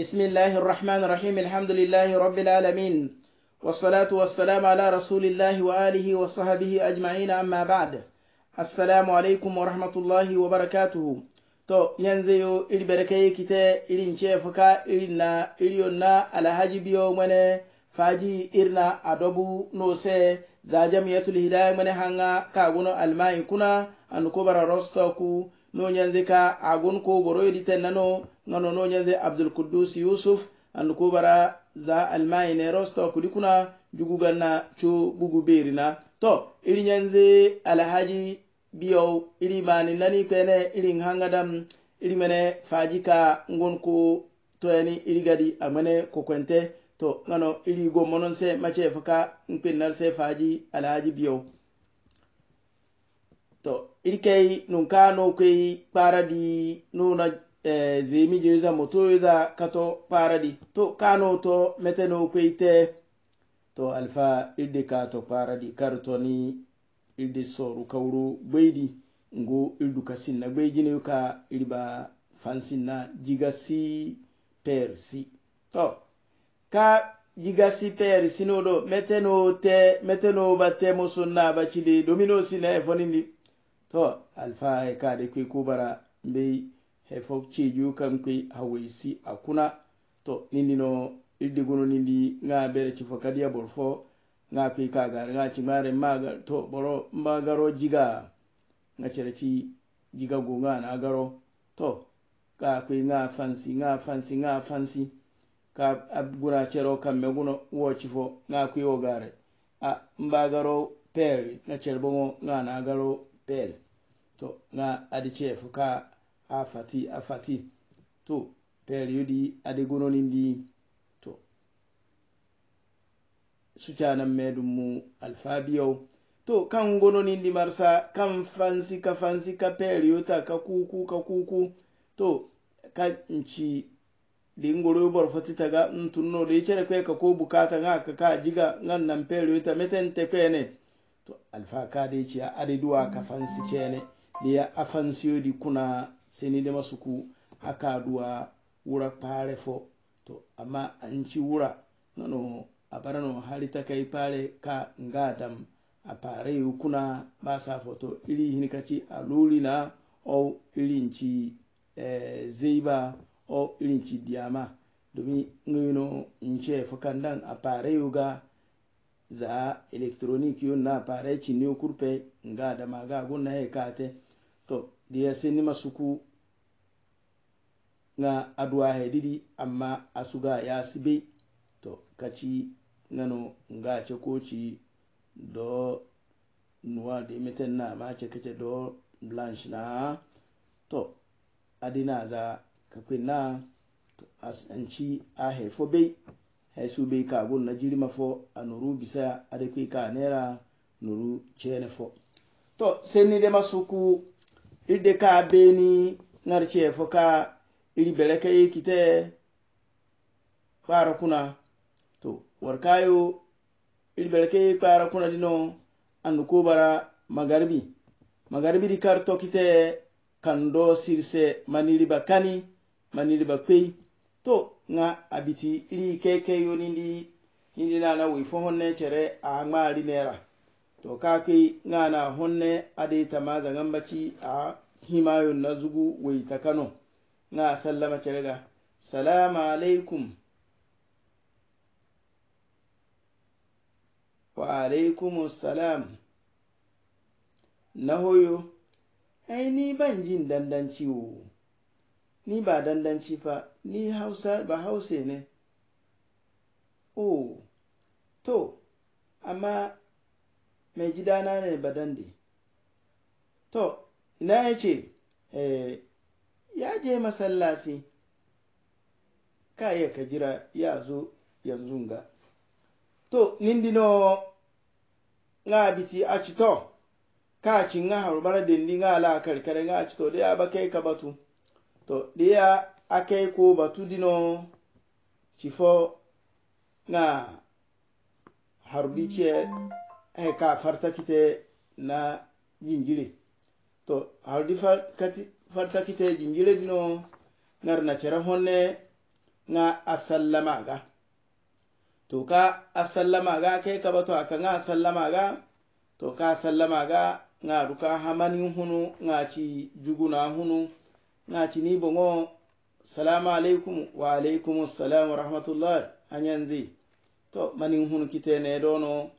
بسم الله الرحمن الرحيم الحمد لله رب العالمين والصلاة والسلام على رسول الله وآله وصحبه أجمعين أما بعد السلام عليكم ورحمة الله وبركاته to yanzu yo iri berkaye kite irin cefuka irin na iriyon na alhaji biyo mane faji irna adobu nose za jamiyatul hidaya mane hanga guno almai kuna an kubara rostoku no nyanze ka agon ko boro edite nano ngano no nyanze abdul kudus yusuf andu ko bara za almai ne rosto kulikuna juguganna co bugu berina to iri nyanze alhaji biyo iri mani nani kene iri hangadam iri mene ka ngon ko toyani iri gadi a amene kokwente to ngano iri gomonon se mace faka npinnar se faji alhaji biyo to irkei nun ka no kwei paradi nuna eh, zemi jeuza moto yoza kato paradi to kano to mete no kwei te to alfa irde ka to paradi kartoni irde soru kauru gbeidi ngo irdu kasin na gbeidi ne ka irba fansin na jigasi persi to ka yigasi peyari sinoɗo meteno te meteno ba temoson na bacili domino sina e fonindi to alfa he kade kwe kubara mbe he fok kai kam kwe hawaisi akuna to nindi no irdi gono nindi nga bere chifo kadiya borfo nga ka kagar nga ma magar to boro mbagaro jiga nga chere ci jiga go nga na garo to ka kai nga fansi nga fansi nga fansi ka abguna chero kamme guno wo chifo nga wa gare, a mbagaro peri nga chere bomo nga na garo fayil to nga adi ce fuka a fati a fati to fayil yudi adi di to sucanan medun mu alfabiyau to kan gononin di marsa kan fansi ka fansi ka fayil yuta ka kuku ka kuku to kan ci lingoro bor foti taga ntunno de cere kwe ka ko bukata nga ka ka jiga ngan nan fayil yuta meten te kwene to alfa kade ci a adeduwa ka fansi cene liya di kuna seni dema suku haka duwa wura pare fo to amma anci wura nono a barano hari ta kai pare ka ngadam a pare kuna ba sa foto iri hinkaci a lulina o irinci eh, zeiba o irinci diyama domin ngino in ce fukan dan a pare ga za electronik yo na appareil cinio kurpe nga dama ga go na he kate to diya seni masuku nga aduwa he didi amma asuga ya sibe to kaci nano nga ce ko ci do nuwa da imetan na ma ce kace do blanche na to adina za kakwai na to asanci a haifo bai haisu bai ka gun na jirima fo a nuru bisa a da ka naira nuru cene fo to sai ni dai masu ku irde ka beni ngarce fo ka iri bere yi kite fara kuna to warkayo iri bere ka yi fara kuna dino an ko bara magarbi magarbi di kar kite kando sirse maniri bakani maniri bakwai to nga abiti iri keke yo nindi nindi nana wai fo honne cere a ngari nera to ka kai nga na honne ade tama zangan baci a himayo na zugu wai ta kano nga sallama cere ga salamu alaikum wa alaikumus salam na hoyo ai ni ban jin dandan ciwo ni ba dandanci fa ni hausa ba hause ne oh to amma mai gidana ne ba dande to ina ce, eh, ya je masallaci ka iya ka jira ya zo yanzu ga to nindino nga biti a cito ka ci nga harbar dindi nga ala, karkare nga to da ya ba kai ka batu to ɗeya akei ko batudino cifo na harudice eka fartakite na jinjiri to harudi fartakite jinjiri dino ngar na cera honne nga asallamaga to ka asallamaga akei kabato aka nga asallamaga to ka asallamaga ngaruka hamanin hunu ngaci juguna hunu na cini bongo salamu alaikum wa alaikum salam wa rahmatullah anyanzi to manin hun kite ne dono